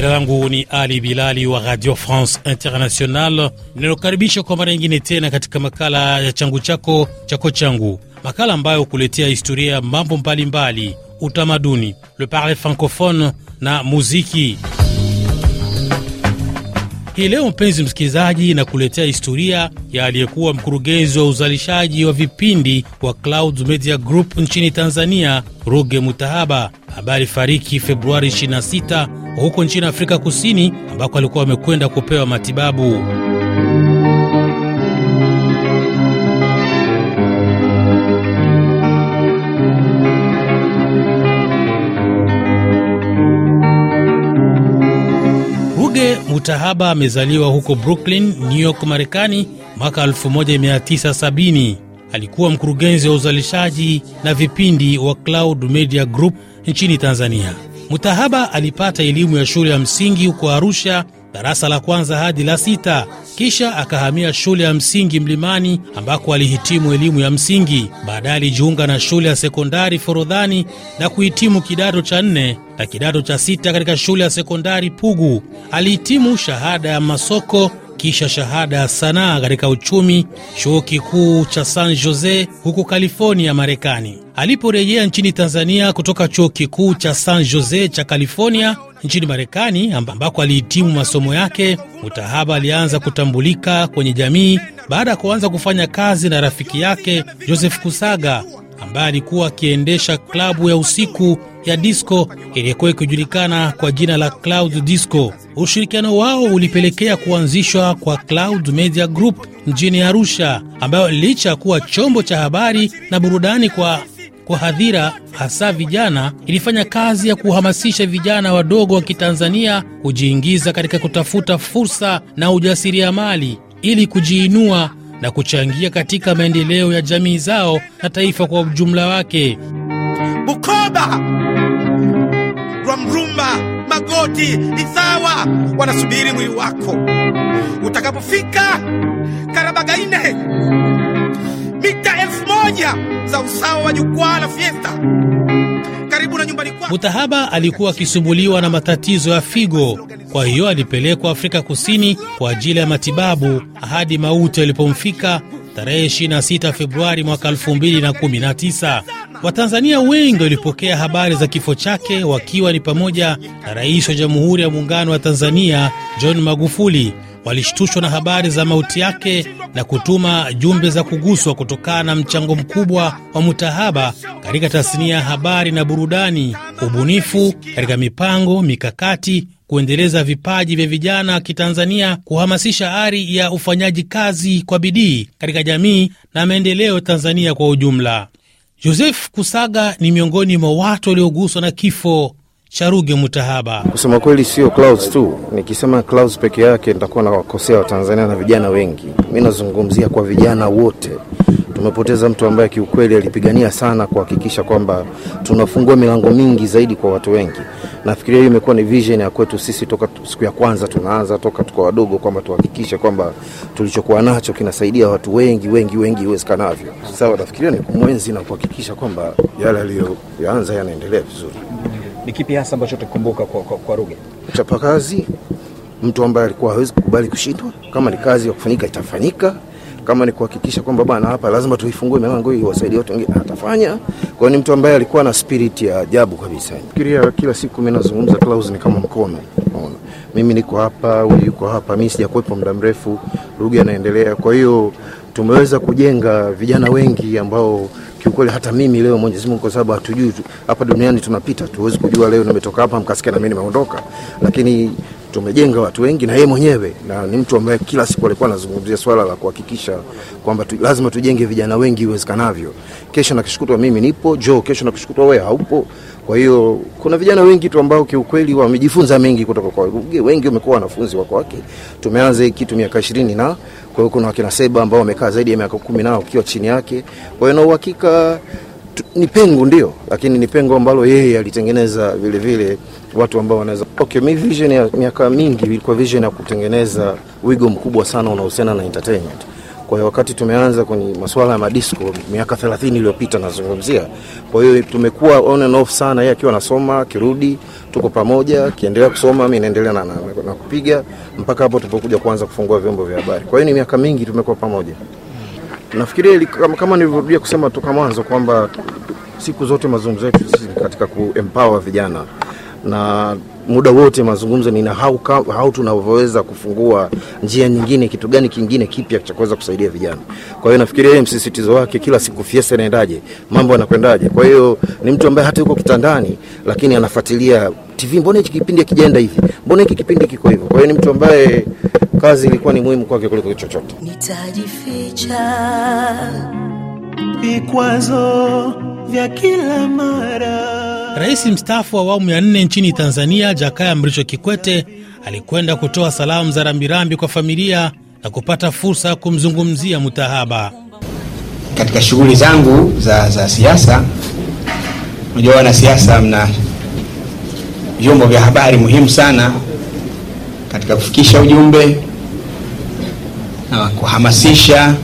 Jina langu ni Ali Bilali wa Radio France International, ninalokaribisha kwa mara nyingine tena katika makala ya changu chako chako changu, makala ambayo kuletea historia ya mambo mbalimbali, utamaduni, le parle francophone na muziki. Hii leo mpenzi msikilizaji, na kuletea historia ya aliyekuwa mkurugenzi wa uzalishaji wa vipindi wa Clouds Media Group nchini Tanzania, Ruge Mutahaba ambaye alifariki Februari 26 huko nchini Afrika Kusini ambako alikuwa amekwenda kupewa matibabu. Mutahaba amezaliwa huko Brooklyn, New York, Marekani mwaka 1970. Alikuwa mkurugenzi wa uzalishaji na vipindi wa Cloud Media Group nchini Tanzania. Mutahaba alipata elimu ya shule ya msingi huko Arusha, darasa la kwanza hadi la sita, kisha akahamia shule ya msingi Mlimani ambako alihitimu elimu ya msingi. Baadaye alijiunga na shule ya sekondari Forodhani na kuhitimu kidato cha nne na kidato cha sita katika shule ya sekondari Pugu. Alihitimu shahada ya masoko kisha shahada ya sanaa katika uchumi chuo kikuu cha San Jose huko California, Marekani. Aliporejea nchini Tanzania kutoka chuo kikuu cha San Jose cha California nchini Marekani, ambako alihitimu masomo yake, Mutahaba alianza kutambulika kwenye jamii baada ya kuanza kufanya kazi na rafiki yake Joseph Kusaga ambaye alikuwa akiendesha klabu ya usiku ya disco iliyokuwa ikijulikana kwa jina la Cloud Disco. Ushirikiano wao ulipelekea kuanzishwa kwa Cloud Media Group mjini Arusha, ambayo licha ya kuwa chombo cha habari na burudani kwa kwa hadhira hasa vijana, ilifanya kazi ya kuhamasisha vijana wadogo wa Kitanzania kujiingiza katika kutafuta fursa na ujasiriamali ili kujiinua na kuchangia katika maendeleo ya jamii zao na taifa kwa ujumla wake. Bukoba, Rwamrumba, Magoti, Ithawa wanasubiri mwili wako utakapofika Karabagaine mita elfu moja za usawa wa jukwaa la Fiesta karibu na nyumbani kwa Mutahaba alikuwa akisumbuliwa na matatizo ya figo, kwa hiyo alipelekwa Afrika Kusini kwa ajili ya matibabu hadi mauti yalipomfika tarehe 26 Februari mwaka 2019. Watanzania wengi walipokea habari za kifo chake wakiwa ni pamoja na Rais wa Jamhuri ya Muungano wa Tanzania John Magufuli walishtushwa na habari za mauti yake na kutuma jumbe za kuguswa kutokana na mchango mkubwa wa Mutahaba katika tasnia ya habari na burudani, ubunifu katika mipango mikakati, kuendeleza vipaji vya vijana Kitanzania, kuhamasisha ari ya ufanyaji kazi kwa bidii katika jamii na maendeleo Tanzania kwa ujumla. Joseph Kusaga ni miongoni mwa watu walioguswa na kifo Charuge Mutahaba. Kusema kweli, sio Clouds tu. Nikisema Clouds peke yake nitakuwa nawakosea Watanzania na vijana wengi. Mi nazungumzia kwa vijana wote. Tumepoteza mtu ambaye kiukweli alipigania sana kuhakikisha kwamba tunafungua milango mingi zaidi kwa watu wengi. Nafikiria hiyo imekuwa ni vision ya kwetu sisi toka siku ya kwanza tunaanza, toka tuko wadogo, kwamba tuhakikishe kwamba tulichokuwa nacho kinasaidia watu wengi wengi wengi iwezekanavyo. Sawa, nafikiria ni kumwenzi na kuhakikisha kwamba yale aliyoanza yanaendelea vizuri. Ni kipi hasa ambacho utakumbuka kwa, kwa, kwa Ruge? Chapakazi, mtu ambaye alikuwa hawezi kukubali kushindwa. Kama ni kazi ya kufanyika itafanyika, kama ni kuhakikisha kwamba bana hapa lazima tuifungue milango hii iwasaidie watu wengine, atafanya. Kwa hiyo ni mtu ambaye alikuwa na spirit ya ajabu kabisa. Fikiria kila siku mimi nazungumza, Clouds ni kama mkono, unaona, mimi niko hapa, huyu yuko hapa, mimi sijakuwepo muda mrefu, Ruge anaendelea, kwa hiyo tumeweza kujenga vijana wengi ambao kiukweli hata mimi leo, Mwenyezi Mungu, kwa sababu hatujui hapa duniani tunapita, tuwezi kujua leo nimetoka hapa mkasikia na mimi nimeondoka, lakini tumejenga watu wengi na yeye mwenyewe, na ni mtu ambaye kila siku alikuwa anazungumzia swala la kuhakikisha kwamba tu, lazima tujenge vijana wengi iwezekanavyo. Kesho na nakishukutwa mimi nipo jo, kesho na nakishukutwa wewe haupo. Kwa hiyo kuna vijana wengi tu ambao kiukweli wamejifunza mengi kutoka kwa wengi, wengi wamekuwa wanafunzi wako wake. Tumeanza hii kitu miaka ishirini na kwa hiyo kuna wakina Seba ambao wamekaa zaidi ya miaka kumi nao ukiwa chini yake. Kwa hiyo na uhakika ni pengo ndio, lakini ni pengo ambalo yeye alitengeneza vile vile watu ambao wanaweza. Okay, mi vision ya miaka mingi ilikuwa vision ya kutengeneza wigo mkubwa sana unaohusiana na entertainment. Kwa hiyo wakati tumeanza kwenye masuala ya madisco miaka 30 iliyopita nazungumzia, kwa hiyo tumekuwa on and off sana, yeye akiwa anasoma akirudi, tuko pamoja, akiendelea kusoma mimi naendelea na, na, na, na kupiga mpaka hapo tupokuja kuanza kufungua vyombo vya habari. Kwa hiyo ni miaka mingi tumekuwa pamoja. Nafikiria kama nilivyorudia kusema toka mwanzo kwamba siku zote mazungumzo yetu katika kuempower vijana na muda wote mazungumzo ni na hau tunavyoweza kufungua njia nyingine, kitu gani kingine kipya cha kuweza kusaidia vijana. Kwa hiyo nafikiria yeye msisitizo wake kila siku fiesa inaendaje, mambo yanakwendaje. Kwa hiyo ni mtu ambaye hata yuko kitandani, lakini anafuatilia TV, mbona hiki kipindi kijaenda hivi, mbona hiki kipindi kiko hivyo. Kwa hiyo ni mtu ambaye kazi ilikuwa ni muhimu kwake kuliko chochote. Nitajificha vikwazo vya kila mara. Rais mstaafu wa awamu ya nne nchini Tanzania Jakaya Mrisho Kikwete alikwenda kutoa salamu za rambirambi kwa familia na kupata fursa ya kumzungumzia Mutahaba. Katika shughuli zangu za, za siasa, unajua wanasiasa mna vyombo vya habari muhimu sana katika kufikisha ujumbe na kuhamasisha.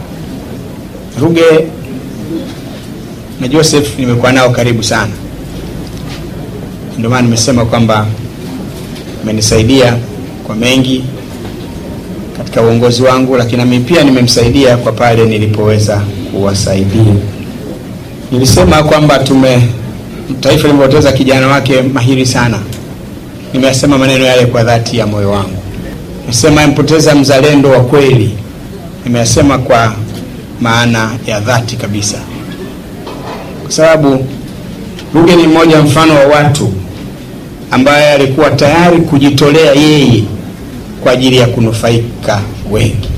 Ruge na Joseph nimekuwa nao karibu sana, ndio maana nimesema kwamba amenisaidia kwa mengi katika uongozi wangu, lakini mimi pia nimemsaidia kwa pale nilipoweza kuwasaidia. Nilisema kwamba tume taifa limepoteza kijana wake mahiri sana. Nimeyasema maneno yale kwa dhati ya moyo wangu. Nimesema amepoteza mzalendo wa kweli, nimeyasema kwa maana ya dhati kabisa kwa sababu Ruge ni mmoja mfano wa watu ambaye alikuwa tayari kujitolea yeye kwa ajili ya kunufaika wengi.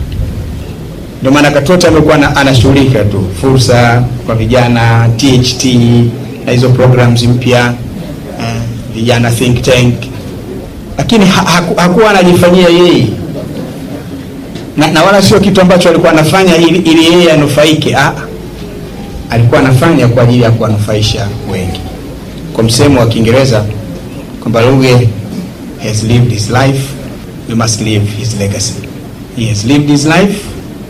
Ndio maana Katoto amekuwa anashughulika tu fursa kwa vijana THT na hizo programs mpya uh, vijana think tank, lakini ha hakuwa anajifanyia yeye na, na wala sio kitu ambacho alikuwa anafanya ili, ili yeye anufaike ah alikuwa anafanya kwa ajili ya kuwanufaisha wengi, kwa msemo wa Kiingereza kwamba Ruge has lived his life, we must live his legacy. He has lived his life,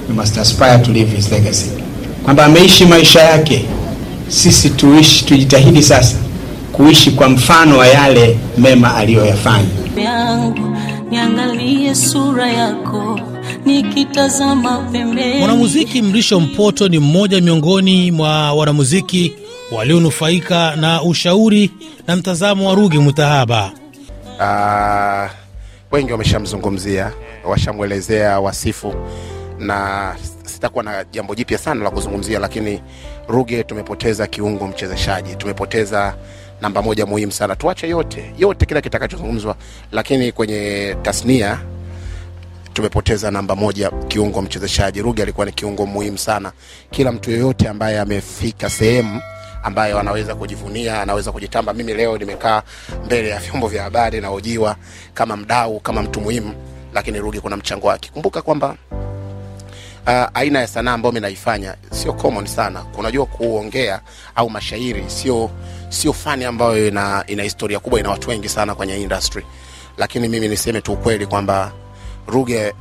we must aspire to live his legacy, kwamba ameishi maisha yake, sisi tuishi, tujitahidi sasa kuishi kwa mfano wa yale mema aliyoyafanya. Yangu Niangalie sura yako nikitazama pembeni. Mwanamuziki Mrisho Mpoto ni mmoja miongoni mwa wanamuziki walionufaika na ushauri na mtazamo wa Ruge Mutahaba. Uh, wengi wameshamzungumzia, washamwelezea wasifu, na sitakuwa na jambo jipya sana la kuzungumzia, lakini Ruge tumepoteza kiungo mchezeshaji, tumepoteza namba moja muhimu sana. Tuache yote yote, kila kitakachozungumzwa, lakini kwenye tasnia tumepoteza namba moja, kiungo mchezeshaji. rugi alikuwa ni kiungo muhimu sana. Kila mtu yoyote ambaye amefika sehemu ambayo anaweza kujivunia, anaweza kujitamba. Mimi leo nimekaa mbele ya vyombo vya habari na hojiwa kama mdau, kama mtu muhimu, lakini rugi kuna mchango wake. Kumbuka kwamba Uh, aina ya sanaa ambayo mimi sio common sana. kunajua kuongea au mashairi sio sio fani ambayo ina, ina historia kubwa, ina watu wengi sana kwenye industry, lakini mimi niseme tu ukweli kwamba Ruge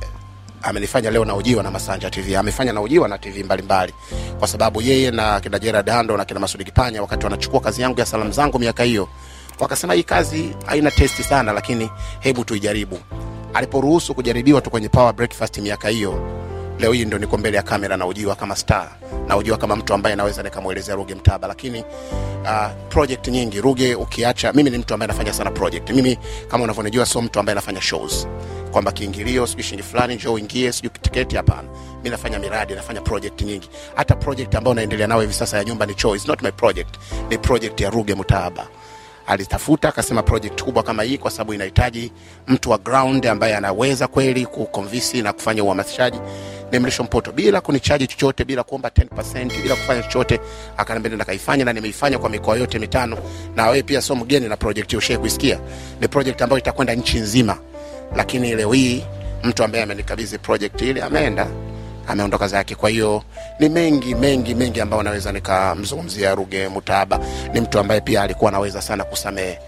amenifanya leo na ujiwa na Masanja TV, amefanya na ujiwa na TV mbalimbali mbali. Kwa sababu yeye na kina Gerard na kina Masudi Kipanya wakati wanachukua kazi yangu ya salamu zangu miaka hiyo wakasema hii kazi haina testi sana, lakini hebu tuijaribu. Aliporuhusu kujaribiwa tu kwenye Power Breakfast miaka hiyo leo hii ndo niko mbele ya kamera naujiwa kama star, naujiwa kama mtu ambaye naweza nikamwelezea Ruge mtaba lakini uh, project nyingi Ruge ukiacha, mimi ni mtu ambaye nafanya sana project. Mimi kama unavyonijua, sio mtu ambaye nafanya shows kwamba kiingilio sijui shingi fulani njoo uingie sijui tiketi. Hapana, mimi nafanya miradi, nafanya project nyingi. Hata project ambayo naendelea nayo hivi sasa ya nyumba ni show, it's not my project, ni project ya Ruge Mutahaba alitafuta akasema project kubwa kama hii, kwa sababu inahitaji mtu wa ground ambaye anaweza kweli kuconvince na kufanya uhamasishaji na Mpoto bila kunichaji chochote, bila kuomba 10%, bila kufanya chochote. Akaniambia nenda kaifanya, na nimeifanya kwa mikoa yote mitano, na wewe pia sio mgeni na project hiyo, shehe kuisikia. Ni project ambayo itakwenda nchi nzima, lakini leo hii mtu ambaye amenikabidhi project ile ameenda ameondoka zake. Kwa hiyo ni mengi mengi mengi ambayo naweza nikamzungumzia Ruge mutaba Ni mtu ambaye pia alikuwa anaweza sana kusamehe.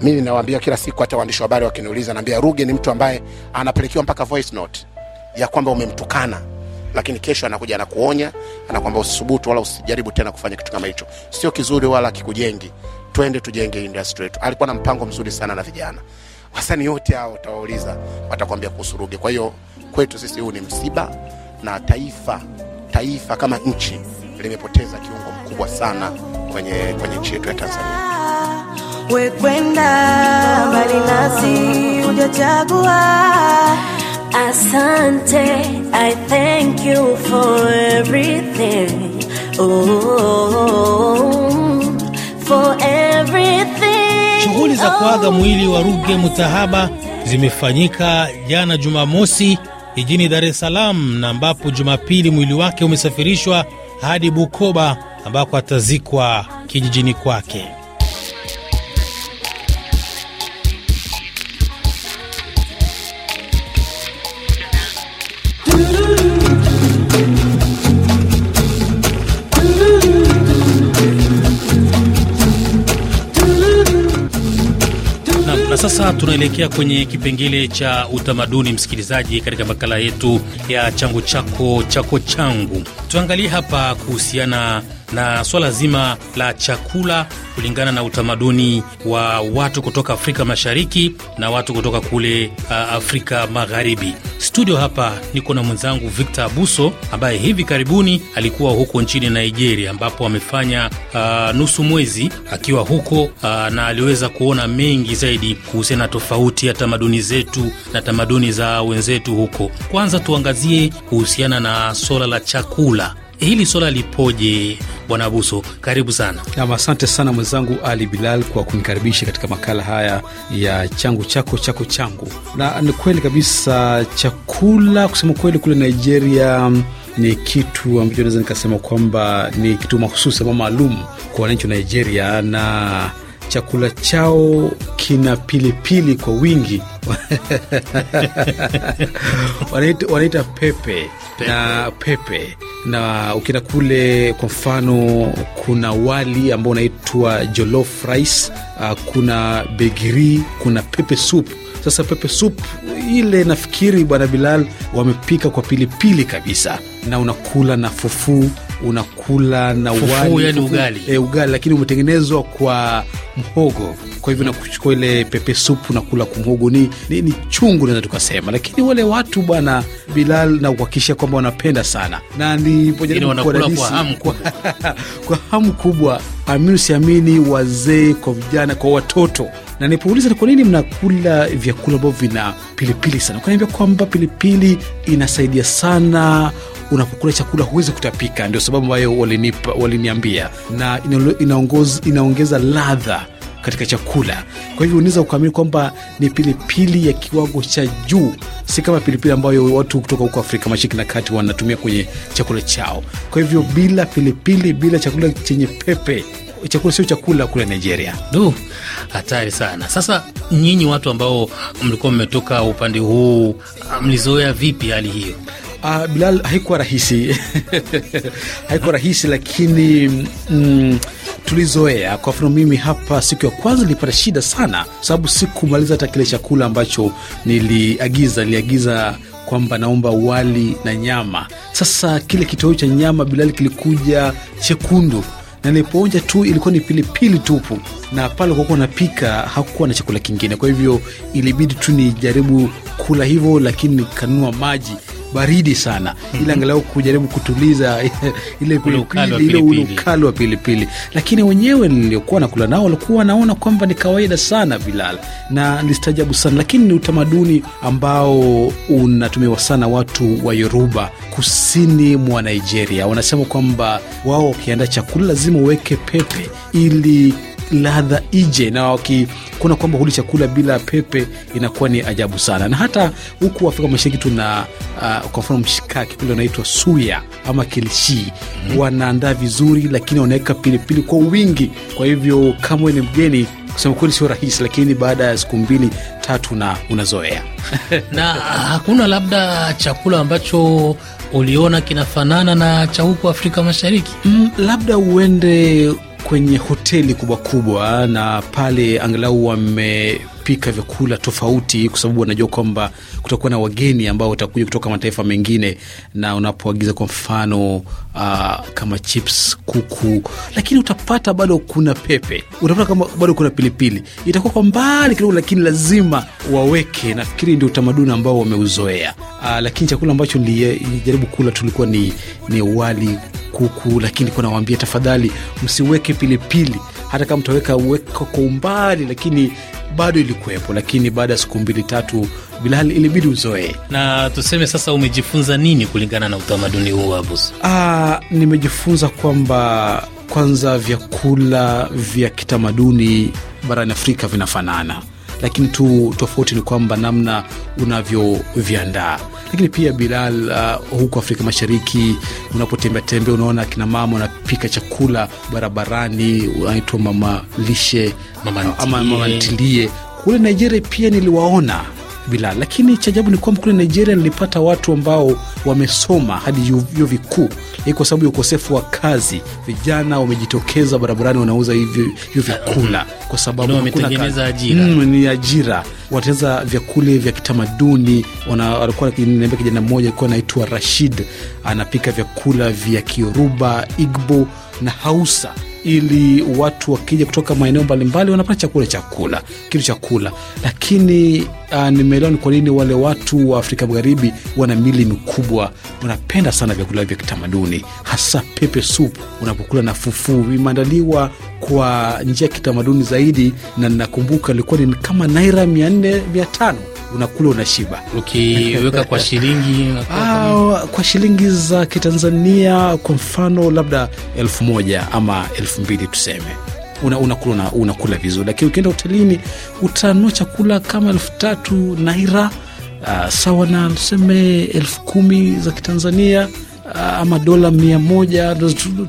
Mimi nawaambia kila siku, hata waandishi wa habari wakiniuliza, naambia Ruge ni mtu ambaye anapelekewa mpaka voice note ya kwamba umemtukana, lakini kesho anakuja anakuonya, anakwamba usisubutu wala usijaribu tena kufanya kitu kama hicho, sio kizuri wala kikujengi. Twende tujenge industry yetu. Alikuwa na mpango mzuri sana na vijana wasani wote hao utawauliza, watakwambia kuhusu Ruge. Kwa hiyo kwetu sisi huu ni msiba, na taifa taifa kama nchi limepoteza kiungo mkubwa sana kwenye kwenye nchi yetu ya Tanzania. Wekwenda mbali nasi, hujachagua Asante, I thank you for everything. Oh, Shughuli za oh, kuaga mwili wa Ruge Mutahaba zimefanyika jana Jumamosi jijini Dar es Salaam na ambapo Jumapili mwili wake umesafirishwa hadi Bukoba ambako atazikwa kijijini kwake. sasa tunaelekea kwenye kipengele cha utamaduni, msikilizaji, katika makala yetu ya changu chako chako changu. Tuangalie hapa kuhusiana na swala zima la chakula kulingana na utamaduni wa watu kutoka Afrika Mashariki na watu kutoka kule uh, Afrika Magharibi. Studio hapa niko na mwenzangu Victor Abuso ambaye hivi karibuni alikuwa huko nchini Nigeria ambapo amefanya uh, nusu mwezi akiwa huko uh, na aliweza kuona mengi zaidi kuhusiana na tofauti ya tamaduni zetu na tamaduni za wenzetu huko. Kwanza tuangazie kuhusiana na swala la chakula hili swala lipoje, Bwana Buso? Karibu sana nam. Asante sana mwenzangu Ali Bilal kwa kunikaribisha katika makala haya ya changu chako chako changu, na ni kweli kabisa, chakula kusema kweli kule Nigeria mm, ni kitu ambacho naweza nikasema kwamba ni kitu mahususi ama maalum kwa wananchi wa Nigeria na chakula chao kina pilipili kwa wingi wanaita pepe, pepe na pepe na ukienda kule, kwa mfano, kuna wali ambao unaitwa jolof rice, uh, kuna begiri, kuna pepe sup Sasa pepe sup ile nafikiri Bwana Bilal wamepika kwa pilipili pili kabisa, na unakula na fufuu unakula na wali, yani ugali. E, ugali lakini umetengenezwa kwa mhogo, kwa hivyo nakuchukua ile pepe supu nakula kwa Ni, ni, ni chungu naweza tukasema, lakini wale watu bwana Bilal na kuhakikisha kwamba wanapenda sana na nilipojaribu yaani kwa hamu kubwa, kwa amini siamini, wazee kwa vijana kwa watoto na nipouliza ni kwa nini mnakula vyakula ambavyo vina pilipili sana, ukaniambia kwamba pilipili inasaidia sana unapokula chakula huwezi kutapika, ndio sababu ambayo walinipa, waliniambia na inaongoz, inaongeza ladha katika chakula. Kwa hivyo unaweza kuamini kwamba ni pilipili ya kiwango cha juu, si kama pilipili ambayo watu kutoka huko Afrika Mashariki na Kati wanatumia kwenye chakula chao. Kwa hivyo bila pilipili, bila chakula chenye pepe, chakula sio chakula kule Nigeria. Du, hatari sana. Sasa nyinyi watu ambao mlikuwa mmetoka upande huu, mlizoea vipi hali hiyo? Uh, Bilal, haikuwa rahisi haikuwa rahisi, lakini mm, tulizoea. Kwa mfano mimi hapa, siku ya kwanza nilipata shida sana, sababu sikumaliza hata kile chakula ambacho niliagiza. Niliagiza kwamba naomba wali na nyama. Sasa kile kitoweo cha nyama, Bilal, kilikuja chekundu na nilipoonja tu ilikuwa ni pilipili tupu, na pale kukuwa napika hakukuwa na chakula kingine. Kwa hivyo ilibidi tu nijaribu kula hivyo, lakini nikanunua maji baridi sana mm -hmm. ili angalau kujaribu kutuliza ile ule ukali wa pilipili, lakini wenyewe niliokuwa nakula nao walikuwa wanaona kwamba ni kawaida sana Bilal, na nilistajabu sana, lakini ni utamaduni ambao unatumiwa sana watu wa Yoruba kusini mwa Nigeria. Wanasema kwamba wao wakiandaa chakula lazima uweke pepe ili ladha ije na wakikuona kwamba huli chakula bila pepe inakuwa ni ajabu sana na hata huku afrika mashariki tuna uh, kwa mfano mshikaki kule unaitwa suya ama kilishi mm-hmm. wanaandaa vizuri lakini wanaweka pilipili kwa wingi kwa hivyo wewe ni mgeni kusema kweli sio rahisi lakini baada ya siku mbili tatu na unazoea na hakuna labda chakula ambacho uliona kinafanana na cha huko afrika mashariki mm, labda uende kwenye hoteli kubwa kubwa, na pale angalau wame kupika vyakula tofauti, kwa sababu wanajua kwamba kutakuwa na wageni ambao watakuja kutoka mataifa mengine, na unapoagiza kwa mfano uh, kama chips, kuku, lakini utapata bado kuna pepe, utapata kama bado kuna pilipili, itakuwa kwa mbali kidogo, lakini lazima waweke. Nafikiri ndio utamaduni ambao wameuzoea. Uh, lakini chakula ambacho nilijaribu kula tulikuwa ni, ni wali kuku, lakini kunawaambia tafadhali msiweke pilipili, hata kama mtaweka weka kwa umbali, lakini bado ilikuwepo. Lakini baada ya siku mbili tatu, Bilhali, ilibidi uzoee. Na tuseme sasa, umejifunza nini kulingana na utamaduni huu Abus? Ah, nimejifunza kwamba kwanza vyakula vya kitamaduni barani Afrika vinafanana lakini tu tofauti ni kwamba namna unavyoviandaa. Lakini pia Bilal, uh, huko Afrika Mashariki unapotembea tembea, unaona akina mama wanapika chakula barabarani, unaitwa mama lishe ama mama ntilie. Kule Nigeria pia niliwaona bila. Lakini cha ajabu ni kwamba kule Nigeria nilipata watu ambao wamesoma hadi vyuo vikuu, hii kwa sababu ya ukosefu wa kazi, vijana wamejitokeza barabarani, wanauza hivyo vyakula kwa sababu wametengeneza ajira. Mm, ni ajira, wanatengeneza vyakule vya kitamaduni. Alikuwa niambia kijana mmoja alikuwa anaitwa Rashid, anapika vyakula vya Kioruba, Igbo na Hausa ili watu wakija kutoka maeneo mbalimbali wanapata chakula cha kula kitu cha kula lakini uh, nimeelewa ni kwa nini wale watu wa afrika magharibi wana mili mikubwa wanapenda sana vyakula vya kitamaduni hasa pepe sup unapokula na fufuu vimeandaliwa kwa njia ya kitamaduni zaidi na ninakumbuka ilikuwa ni kama naira mia nne mia tano unakula unashiba. Ukiweka kwa shilingi ah, kwa shilingi za Kitanzania kwa mfano labda elfu moja ama elfu mbili tuseme una, unakula una, vizuri, lakini ukienda hotelini utanua chakula kama elfu tatu naira uh, sawa na tuseme elfu kumi za Kitanzania Ah, ama dola mia moja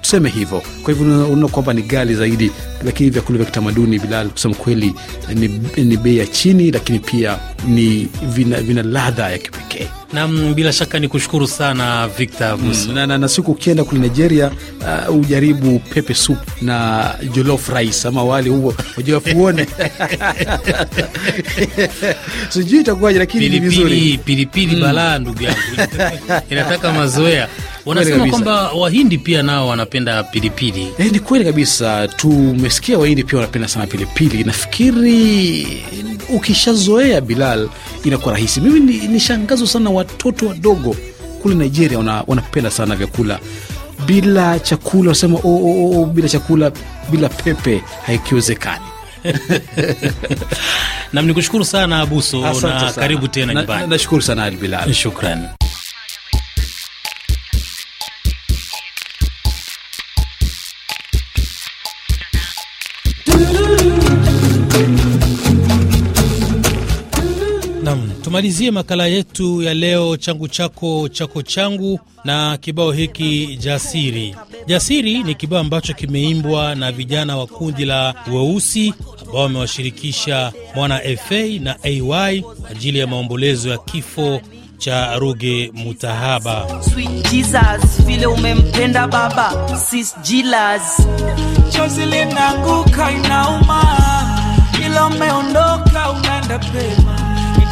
tuseme hivyo. Kwa hivyo unaona kwamba ni ghali zaidi, lakini vyakula vya kitamaduni Bilal, kusema kweli, ni, ni bei ya chini, lakini pia ni vina, vina ladha ya kipekee. Nam, bila shaka ni kushukuru sana Victor Mm, Na, na, na siku ukienda kule Nigeria uh, ujaribu pepe soup na jollof rice ama wali huo ujollof uone sijui itakuwaje, lakini ni vizuri. Pilipili balaa, ndugu yangu inataka mazoea Wanasema kwamba Wahindi pia nao wanapenda pilipili. E, ni kweli kabisa. Tumesikia Wahindi pia wanapenda sana pilipili. Nafikiri ukishazoea, Bilal, inakuwa rahisi. Mimi nishangazwa ni sana watoto wadogo kule Nigeria wana, wanapenda sana vyakula bila chakula. Wanasema oh, oh, oh, oh bila chakula, bila pepe haikiwezekani. Nam, ni kushukuru sana Abuso. na Karibu tena nyumbani. Nashukuru na sana Ali shukran. Tumalizie makala yetu ya leo, changu chako chako changu, na kibao hiki Jasiri. Jasiri ni kibao ambacho kimeimbwa na vijana wa kundi la Weusi ambao wamewashirikisha Mwana FA na AY kwa ajili ya maombolezo ya kifo cha Ruge Mutahaba. Sweet Jesus, vile umempenda baba, sis jilas, chozi inauma, ila umeondoka unaenda pema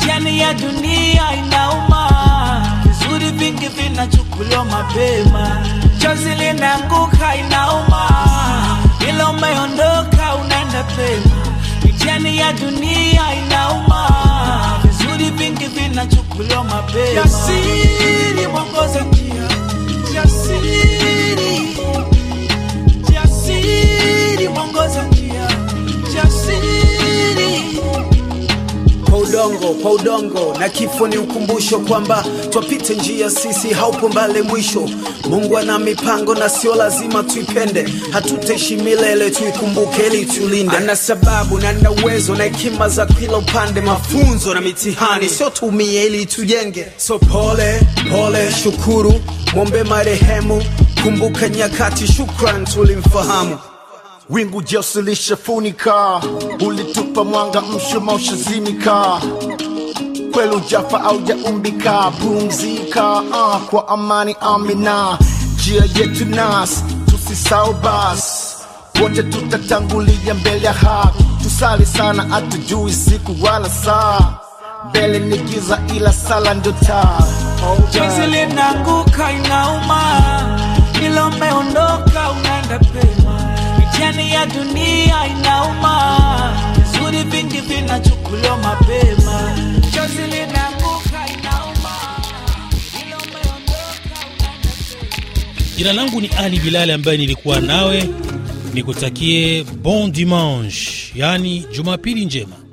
Mitihani ya dunia inauma, vizuri vingi vinachukuliwa mapema, chozi linaanguka inauma, ila umeondoka unaenda pema. Mitihani ya dunia inauma, vizuri vingi vinachukuliwa mapema. Jasiri mwongoza njia, jasiri kwa udongo, na kifo ni ukumbusho kwamba twapite njia sisi, haupo mbale mwisho. Mungu ana mipango na sio lazima tuipende, hatutaishi milele, tuikumbuke ili tulinde. Ana sababu na ana uwezo na hekima za kila upande, mafunzo na mitihani, sio tumie ili tujenge. So pole pole, shukuru, mwombe marehemu, kumbuka nyakati, shukran tulimfahamu Wingu jeusi ulitupa mwanga, mshuma ushazimika kweli ujafa au jaumbika, pumzika uh, kwa amani amina, jia yetu nas tusisau basi wote tutatangulia mbele ya hak tusali sana, atujui siku wala saa, mbele ni giza, ila sala ndio taa. Oh, Jinsi linaanguka inauma, ila umeondoka unaenda pema, mijani ya dunia inauma, vizuri vingi vinachukuliwa mapema Jina langu ni Ali Bilali ambaye nilikuwa nawe nikutakie bon dimanche, yani Jumapili njema.